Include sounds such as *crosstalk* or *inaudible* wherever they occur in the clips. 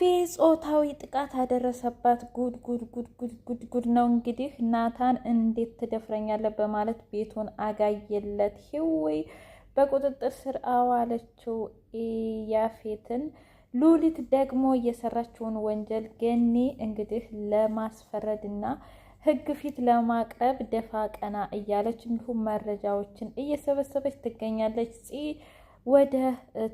ፌዝ ጾታዊ ጥቃት አደረሰባት። ጉድ ጉድ ጉድ ጉድ ጉድ ጉድ ነው እንግዲህ ናታን እንዴት ትደፍረኛለህ በማለት ቤቱን አጋየለት። ህወይ በቁጥጥር ስር አዋለችው ያፌትን። ሉሊት ደግሞ የሰራችውን ወንጀል ገኒ እንግዲህ ለማስፈረድ እና ህግ ፊት ለማቅረብ ደፋ ቀና እያለች እንዲሁም መረጃዎችን እየሰበሰበች ትገኛለች። ወደ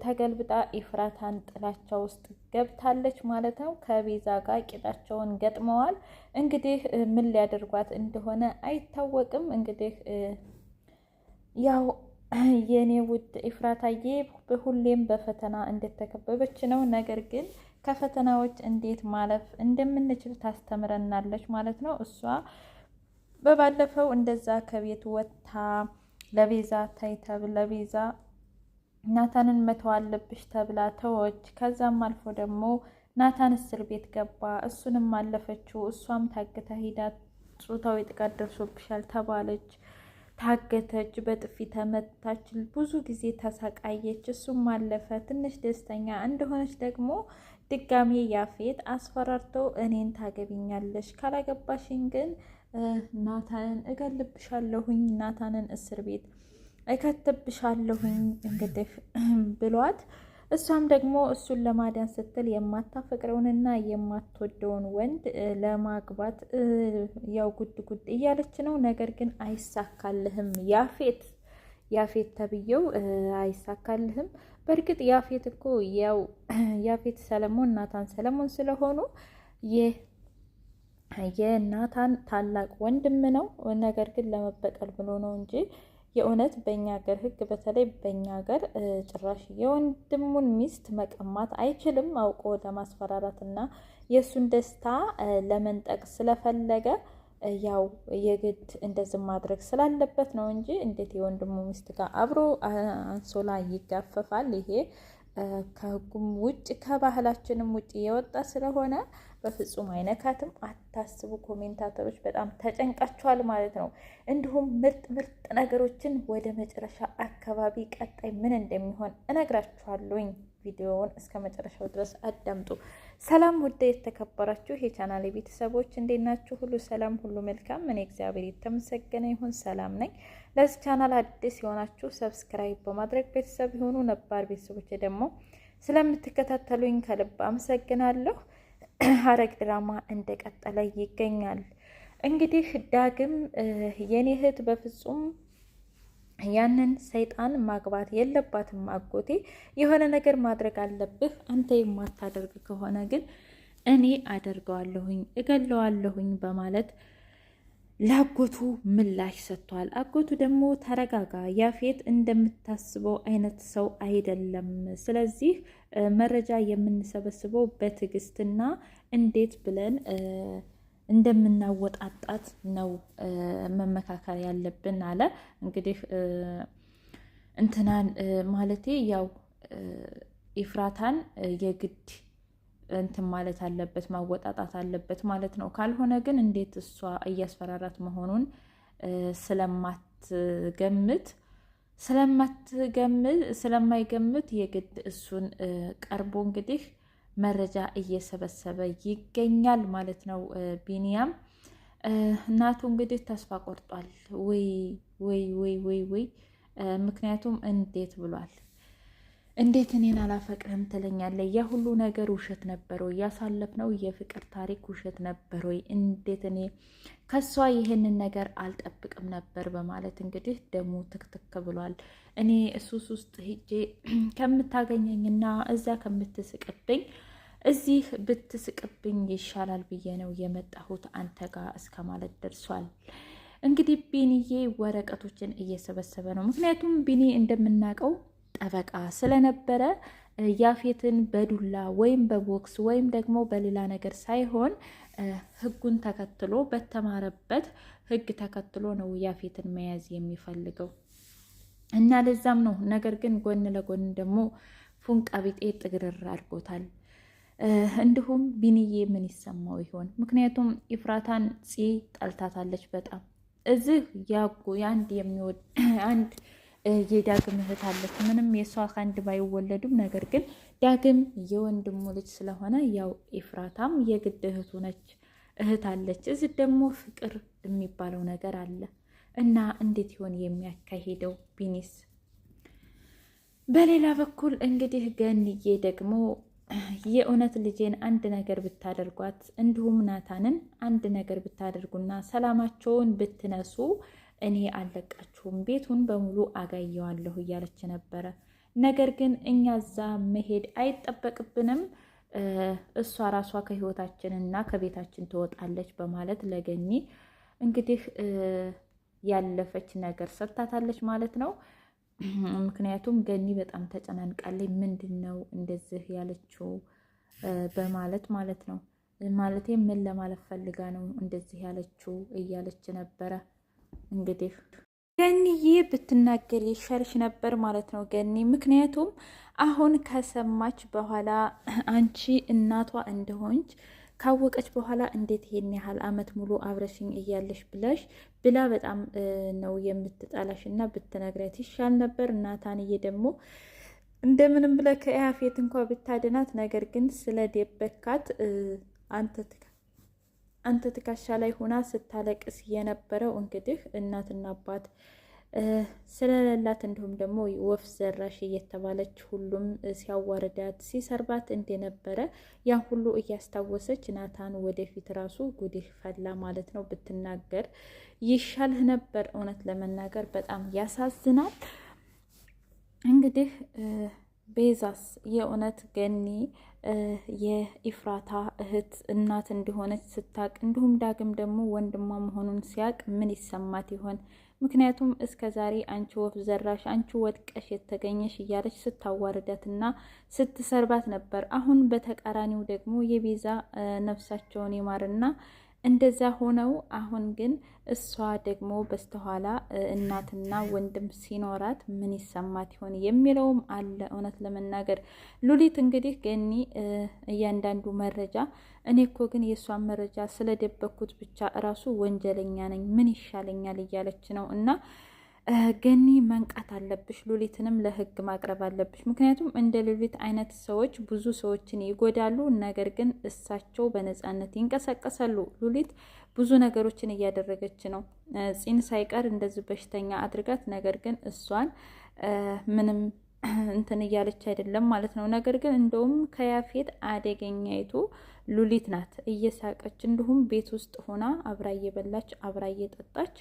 ተገልብጣ ኢፍራታን ጥላቻ ውስጥ ገብታለች ማለት ነው። ከቤዛ ጋር ቂጣቸውን ገጥመዋል። እንግዲህ ምን ሊያደርጓት እንደሆነ አይታወቅም። እንግዲህ ያው *clears throat* የኔ ውድ ኢፍራታዬ ሁሌም በፈተና እንደተከበበች ነው። ነገር ግን ከፈተናዎች እንዴት ማለፍ እንደምንችል ታስተምረናለች ማለት ነው። እሷ በባለፈው እንደዛ ከቤት ወጥታ ለቤዛ ታይተብ ለቤዛ ናታንን መተው አለብሽ ተብላ ተወች። ከዛም አልፎ ደግሞ ናታን እስር ቤት ገባ። እሱንም አለፈችው። እሷም ታግታ ሂዳ ጾታዊ ጥቃት ደርሶብሻል ተባለች። ታገተች፣ በጥፊ ተመታች፣ ብዙ ጊዜ ተሰቃየች። እሱም አለፈ። ትንሽ ደስተኛ እንደሆነች ደግሞ ድጋሜ ያፌት አስፈራርተው እኔን ታገቢኛለሽ ካላገባሽኝ ግን ናታንን እገልብሻለሁኝ ናታንን እስር ቤት እከትብሻለሁኝ እንግዲህ ብሏት እሷም ደግሞ እሱን ለማዳን ስትል የማታፈቅረውንና የማትወደውን ወንድ ለማግባት ያው ጉድ ጉድ እያለች ነው። ነገር ግን አይሳካልህም ያፌት ያፌት ተብዬው አይሳካልህም። በእርግጥ ያፌት እኮ ያው ያፌት ሰለሞን ናታን ሰለሞን ስለሆኑ የናታን ታላቅ ወንድም ነው። ነገር ግን ለመበቀል ብሎ ነው እንጂ የእውነት በእኛ ሀገር ህግ በተለይ በእኛ ሀገር ጭራሽ የወንድሙን ሚስት መቀማት አይችልም። አውቆ ለማስፈራራትና የእሱን ደስታ ለመንጠቅ ስለፈለገ ያው የግድ እንደዚህ ማድረግ ስላለበት ነው እንጂ እንዴት የወንድሙ ሚስት ጋር አብሮ አንሶላ ይጋፈፋል? ይሄ ከህጉም ውጭ ከባህላችንም ውጭ የወጣ ስለሆነ በፍጹም አይነካትም። አታስቡ ኮሜንታተሮች፣ በጣም ተጨንቃችኋል ማለት ነው። እንዲሁም ምርጥ ምርጥ ነገሮችን ወደ መጨረሻ አካባቢ ቀጣይ ምን እንደሚሆን እነግራችኋለሁኝ። ቪዲዮውን እስከ መጨረሻው ድረስ አዳምጡ። ሰላም ውድ የተከበራችሁ የቻናል ቤተሰቦች እንዴት ናችሁ? ሁሉ ሰላም፣ ሁሉ መልካም። እኔ እግዚአብሔር የተመሰገነ ይሁን ሰላም ነኝ። ለዚህ ቻናል አዲስ የሆናችሁ ሰብስክራይብ በማድረግ ቤተሰብ የሆኑ ነባር ቤተሰቦች ደግሞ ስለምትከታተሉኝ ከልብ አመሰግናለሁ። ሐረግ ድራማ እንደቀጠለ ይገኛል። እንግዲህ ዳግም የኔ እህት በፍጹም ያንን ሰይጣን ማግባት የለባትም። አጎቴ የሆነ ነገር ማድረግ አለብህ። አንተ የማታደርግ ከሆነ ግን እኔ አደርገዋለሁኝ፣ እገለዋለሁኝ በማለት ለአጎቱ ምላሽ ሰጥቷል። አጎቱ ደግሞ ተረጋጋ፣ ያፌት እንደምታስበው አይነት ሰው አይደለም። ስለዚህ መረጃ የምንሰበስበው በትዕግስትና እንዴት ብለን እንደምናወጣጣት ነው መመካከር ያለብን አለ። እንግዲህ እንትናን ማለቴ ያው ኢፍራታን የግድ እንትን ማለት አለበት ማወጣጣት አለበት ማለት ነው። ካልሆነ ግን እንዴት እሷ እያስፈራራት መሆኑን ስለማትገምት ስለማትገምት ስለማይገምት የግድ እሱን ቀርቦ እንግዲህ መረጃ እየሰበሰበ ይገኛል ማለት ነው ቢኒያም እናቱ እንግዲህ ተስፋ ቆርጧል። ወይ ወይ ወይ ወይ ወይ ምክንያቱም እንዴት ብሏል እንዴት እኔን አላፈቅርህም ትለኛለህ? ያ ሁሉ ነገር ውሸት ነበር ወይ? ያሳለፍነው የፍቅር ታሪክ ውሸት ነበር ወይ? እንዴት እኔ ከሷ ይህንን ነገር አልጠብቅም ነበር በማለት እንግዲህ ደሙ ትክትክ ብሏል። እኔ እሱስ ውስጥ ሄጄ *clears throat* ከምታገኘኝና እዛ ከምትስቅብኝ እዚህ ብትስቅብኝ ይሻላል ብዬ ነው የመጣሁት አንተ ጋር እስከ ማለት ደርሷል። እንግዲህ ቢኒዬ ወረቀቶችን እየሰበሰበ ነው። ምክንያቱም ቢኒ እንደምናውቀው ጠበቃ ስለነበረ ያፌትን በዱላ ወይም በቦክስ ወይም ደግሞ በሌላ ነገር ሳይሆን ህጉን ተከትሎ በተማረበት ህግ ተከትሎ ነው ያፌትን መያዝ የሚፈልገው እና ለዛም ነው። ነገር ግን ጎን ለጎን ደግሞ ፉንቃ ቢጤ ጥግርር አድርጎታል። እንዲሁም ቢንዬ ምን ይሰማው ይሆን? ምክንያቱም ይፍራታን ፂ ጠልታታለች በጣም እዚህ ያጉ የአንድ የሚወድ *clears throat* አንድ የዳግም እህት አለች። ምንም የእሷ ከአንድ ባይወለዱም ነገር ግን ዳግም የወንድሙ ልጅ ስለሆነ ያው ኤፍራታም የግድ እህቱ ነች፣ እህት አለች። እዚህ ደግሞ ፍቅር የሚባለው ነገር አለ እና እንዴት ይሆን የሚያካሂደው ቢኒስ? በሌላ በኩል እንግዲህ ገንዬ ደግሞ የእውነት ልጄን አንድ ነገር ብታደርጓት፣ እንዲሁም ናታንን አንድ ነገር ብታደርጉና ሰላማቸውን ብትነሱ እኔ አለቃችሁም ቤቱን በሙሉ አጋየዋለሁ እያለች ነበረ። ነገር ግን እኛ እዛ መሄድ አይጠበቅብንም እሷ ራሷ ከህይወታችን እና ከቤታችን ትወጣለች በማለት ለገኒ እንግዲህ ያለፈች ነገር ሰጥታታለች ማለት ነው። ምክንያቱም ገኒ በጣም ተጨናንቃለች። ምንድን ነው እንደዚህ ያለችው በማለት ማለት ነው። ማለት ምን ለማለት ፈልጋ ነው እንደዚህ ያለችው እያለች ነበረ። እንግዲህ ገኒዬ ብትናገር ይሻልሽ ነበር ማለት ነው ገኒ። ምክንያቱም አሁን ከሰማች በኋላ አንቺ እናቷ እንደሆንች ካወቀች በኋላ እንዴት ይሄን ያህል አመት ሙሉ አብረሽኝ እያለሽ ብለሽ ብላ በጣም ነው የምትጣላሽ እና ብትነግረት ይሻል ነበር። ናታንዬ ደግሞ እንደምንም ብለ ከያፌት እንኳ ብታድናት፣ ነገር ግን ስለ ደበካት አንተ አንተ ትከሻ ላይ ሆና ስታለቅስ የነበረው እንግዲህ እናትና አባት ስለሌላት እንዲሁም ደግሞ ወፍ ዘራሽ እየተባለች ሁሉም ሲያዋርዳት ሲሰርባት እንደነበረ ያን ሁሉ እያስታወሰች ናታን ወደፊት ራሱ ጉድህ ፈላ ማለት ነው ብትናገር ይሻልህ ነበር። እውነት ለመናገር በጣም ያሳዝናል። እንግዲህ ቤዛስ የእውነት ገኒ የኢፍራታ እህት እናት እንደሆነች ስታቅ እንዲሁም ዳግም ደግሞ ወንድሟ መሆኑን ሲያቅ ምን ይሰማት ይሆን? ምክንያቱም እስከ ዛሬ አንቺ ወፍ ዘራሽ፣ አንቺ ወጥቀሽ የተገኘሽ እያለች ስታዋርዳትና ስትሰርባት ነበር። አሁን በተቃራኒው ደግሞ የቤዛ ነፍሳቸውን ይማርና እንደዛ ሆነው አሁን ግን እሷ ደግሞ በስተኋላ እናትና ወንድም ሲኖራት ምን ይሰማት ይሆን የሚለውም አለ። እውነት ለመናገር ሉሊት እንግዲህ ገኒ እያንዳንዱ መረጃ እኔ እኮ ግን የእሷን መረጃ ስለደበኩት ብቻ እራሱ ወንጀለኛ ነኝ፣ ምን ይሻለኛል እያለች ነው እና ገኒ መንቃት አለብሽ፣ ሉሊትንም ለህግ ማቅረብ አለብሽ። ምክንያቱም እንደ ሉሊት አይነት ሰዎች ብዙ ሰዎችን ይጎዳሉ፣ ነገር ግን እሳቸው በነፃነት ይንቀሳቀሳሉ። ሉሊት ብዙ ነገሮችን እያደረገች ነው። ፂን ሳይቀር እንደዚህ በሽተኛ አድርጋት፣ ነገር ግን እሷን ምንም *clears throat* እንትን እያለች አይደለም ማለት ነው። ነገር ግን እንደውም ከያፌት አደገኛይቱ ሉሊት ናት። እየሳቀች እንዲሁም ቤት ውስጥ ሆና አብራ እየበላች አብራ እየጠጣች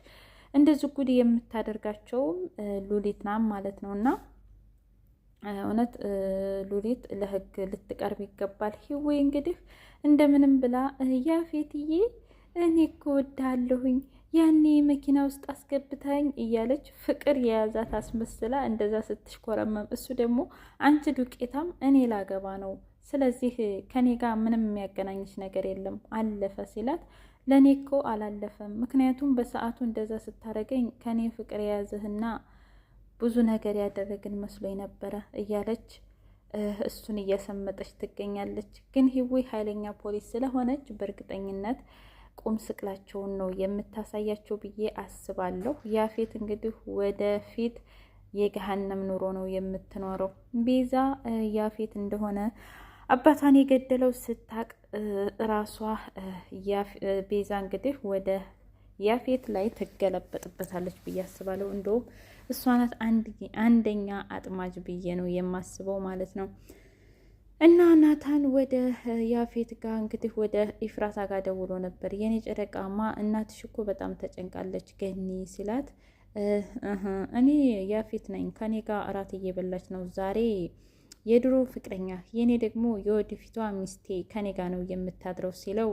እንደዚህ ጉድ የምታደርጋቸውም ሉሊት ናም ማለት ነው እና እውነት ሉሊት ለህግ ልትቀርብ ይገባል። ህዌ እንግዲህ እንደምንም ብላ ያፌትዬ እኔ እኮ ያኔ መኪና ውስጥ አስገብታኝ እያለች ፍቅር የያዛት አስመስላ እንደዛ ስትሽኮረመም፣ እሱ ደግሞ አንቺ ዱቄታም እኔ ላገባ ነው፣ ስለዚህ ከኔ ጋር ምንም የሚያገናኝሽ ነገር የለም አለፈ ሲላት ለእኔ እኮ አላለፈም። ምክንያቱም በሰዓቱ እንደዛ ስታደርገኝ ከኔ ፍቅር የያዘህና ብዙ ነገር ያደረግን መስሎኝ ነበረ እያለች እሱን እያሰመጠች ትገኛለች። ግን ህዌ ኃይለኛ ፖሊስ ስለሆነች በእርግጠኝነት ቁም ስቅላቸውን ነው የምታሳያቸው ብዬ አስባለሁ። ያፌት እንግዲህ ወደፊት የገሃነም ኑሮ ነው የምትኖረው። ቤዛ ያፌት እንደሆነ አባቷን የገደለው ስታቅ ራሷ ቤዛ እንግዲህ ወደ ያፌት ላይ ትገለበጥበታለች ብዬ አስባለሁ። እንደውም እሷ ናት አንደኛ አጥማጅ ብዬ ነው የማስበው ማለት ነው። እና ናታን ወደ ያፌት ጋር እንግዲህ ወደ ኢፍራታ ጋር ደውሎ ነበር። የኔ ጨረቃማ እናትሽ እኮ በጣም ተጨንቃለች ገኒ ሲላት፣ እኔ ያፌት ነኝ ከኔ ጋር እራት እየበላች ነው ዛሬ የድሮ ፍቅረኛ የእኔ ደግሞ የወደፊቷ ሚስቴ ከኔ ጋ ነው የምታድረው ሲለው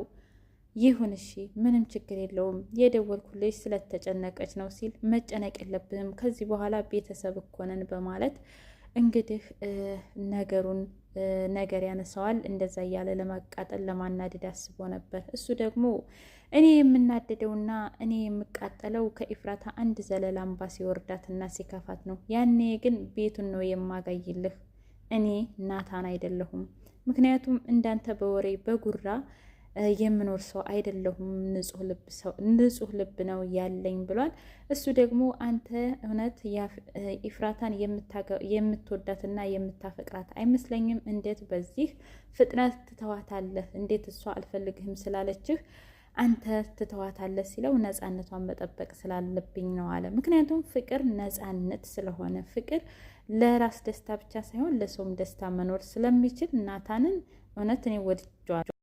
ይሁን እሺ፣ ምንም ችግር የለውም። የደወልኩልሽ ስለተጨነቀች ነው ሲል መጨነቅ የለብንም ከዚህ በኋላ ቤተሰብ እኮ ነን በማለት እንግዲህ ነገሩን ነገር ያነሳዋል። እንደዛ እያለ ለማቃጠል ለማናደድ አስቦ ነበር። እሱ ደግሞ እኔ የምናደደውና እኔ የምቃጠለው ከኢፍራታ አንድ ዘለላ አምባ ሲወርዳትና ሲከፋት ነው። ያኔ ግን ቤቱን ነው የማጋይልህ እኔ ናታን አይደለሁም። ምክንያቱም እንዳንተ በወሬ በጉራ የምኖር ሰው አይደለሁም። ንጹህ ልብ ነው ያለኝ ብሏል። እሱ ደግሞ አንተ እውነት ኢፍራታን የምትወዳትና የምታፈቅራት አይመስለኝም። እንዴት በዚህ ፍጥነት ትተዋታለህ? እንዴት እሷ አልፈልግህም ስላለችህ አንተ ትተዋታለህ ሲለው ነፃነቷን መጠበቅ ስላለብኝ ነው አለ። ምክንያቱም ፍቅር ነፃነት ስለሆነ ፍቅር ለራስ ደስታ ብቻ ሳይሆን ለሰውም ደስታ መኖር ስለሚችል ናታንን እውነት እኔ ወድጀዋለሁ።